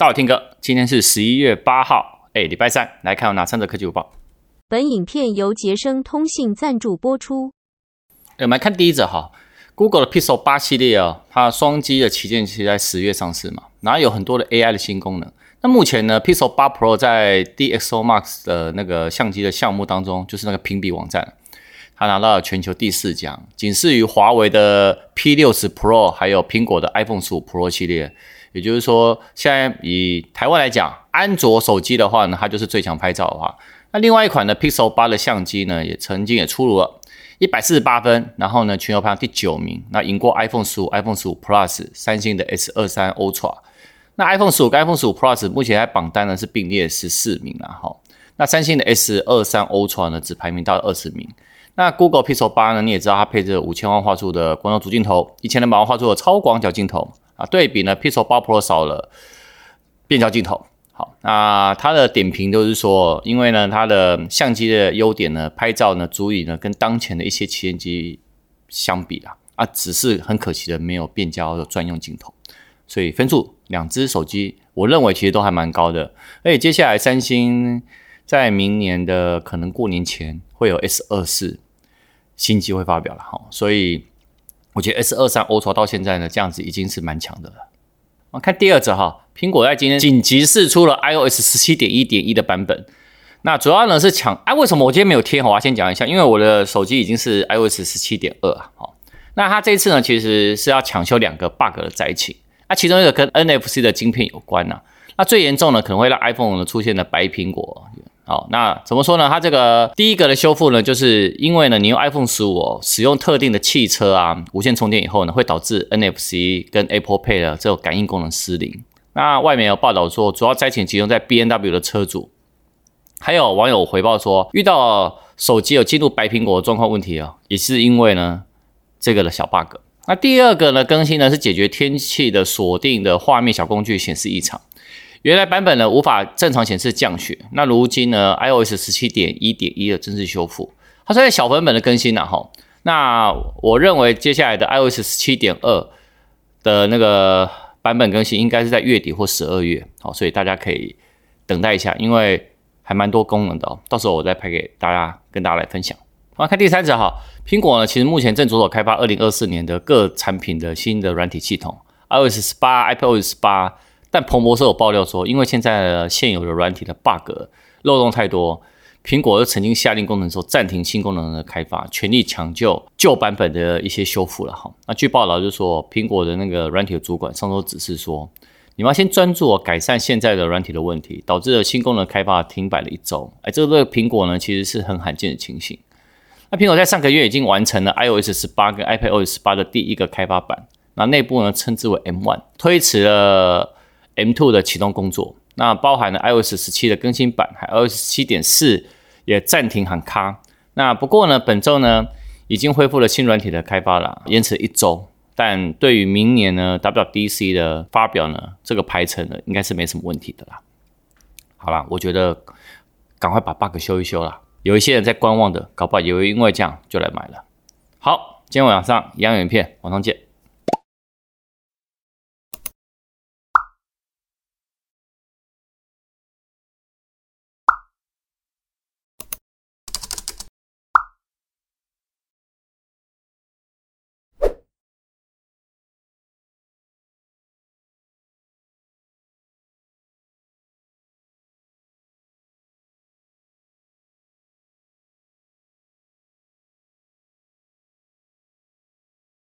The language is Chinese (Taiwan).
大 Tim 哥，今天是十一月八號，哎，禮拜三，來看有哪三則科技午報？本影片由傑昇通信贊助播出。哎，來看第一則哈，Google 的 Pixel 八系列啊、哦，它雙擊的旗艦是在十月上市嘛，然後有很多的 AI 的新功能。那目前呢，Pixel 八 Pro 在 DXO MARK 的那個相機的項目當中，就是那個評比網站，它拿到了全球第四獎，僅次於華為的 P 六十 Pro，還有蘋果的 iPhone 十五 Pro 系列。也就是說，現在以台灣來講，安卓手機的話呢，它就是最強拍照的話。那另外一款的 Pixel 八的相機呢，也曾經也出爐了，一百四十八分，然後呢，全球排行第九名，那贏過 15, iPhone 十五、iPhone 十五 Plus、三星的 S 二三 Ultra。那 iPhone 十五跟 iPhone 十五 Plus 目前在榜單呢是並列十四名，然後，那三星的 S 二三 Ultra 呢只排名到了二十名。那 Google Pixel 八，呢？你也知道它配置，五千萬畫素的廣角主鏡頭，一千兩百萬畫素的超廣角鏡頭啊。對比呢，Pixel 八 Pro 少了變焦鏡頭。好，那它的點評都是說，因為呢，它的相機的優點呢，拍照呢足以呢跟當前的一些旗艦機相比啦、啊。啊，只是很可惜的沒有變焦的專用鏡頭。所以分數，兩隻手機我認為其實都還蠻高的。而且接下來三星在明年的可能過年前會有 S 二四。新機會發表了哈，所以我覺得 S 二三 Ultra 到現在呢，這樣子已經是蠻強的了。我看第二則哈，蘋果在今天緊急釋出了 iOS 十七點一點一的版本，那主要呢是搶，哎、啊，為什麼我今天沒有貼？我要先講一下，因為我的手機已經是 iOS 十七點二啊，哈，那它這次呢，其實是要搶修兩個 bug 的災情，那、啊、其中一個跟 NFC 的晶片有關吶、啊，那最嚴重呢，可能會讓 iPhone 呢出現了白蘋果。好，那怎麼說呢？它這個第一個的修復呢，就是因為呢，你用 iPhone 十五哦，使用特定的汽車啊，無線充電以後呢，會導致 NFC 跟 Apple Pay 的這種感應功能失靈。那外面有報道說，主要災情集中在 BMW 的車主，還有網友回報說，遇到手機有進入白蘋果的狀況問題哦，也是因為呢這個的小 bug。那第二個呢更新呢，是解決天氣的鎖定的畫面小工具顯示異常。原來版本呢無法正常顯示降雪，那如今呢 iOS 十七點一點一的正式修復，它是在小版本的更新了、啊、哈。那我認為接下來的 iOS 十七點二的那個版本更新應該是在月底或十二月，好，所以大家可以等待一下，因為還蠻多功能的，到時候我再拍給大家跟大家來分享。好，看第三則哈，蘋果呢其實目前正着手開發二零二四年的各產品的新的軟體系統，iOS 十八、iPadOS 十八。但彭博社有爆料說，因為現在的現有的軟體的 bug 漏洞太多，蘋果又曾經下令工程師，暫停新功能的開發，全力搶救舊版本的一些修復了哈。那據報道就是說，蘋果的那個軟體的主管上周指示說，你們要先專注改善現在的軟體的問題，導致了新功能開發停擺了一周。哎，這個蘋果呢其實是很罕見的情形。那蘋果在上個月已經完成了 iOS 十八跟 iPadOS 十八的第一個開發版，那內部呢稱之為 M one，推遲了。M2 的啟動工作，那包含了 iOS 17的更新版，還有 iOS 7.4也暫停喊卡。那不過呢，本周呢已經恢復了新軟體的開發了，延遲一周。但對於明年呢 WDC 的發表呢，這個排程呢應該是沒什麼問題的啦。好啦，我覺得趕快把 bug 修一修啦。有一些人在觀望的，搞不好也會因為這樣就來買了。好，今天晚上一樣影片，晚上見。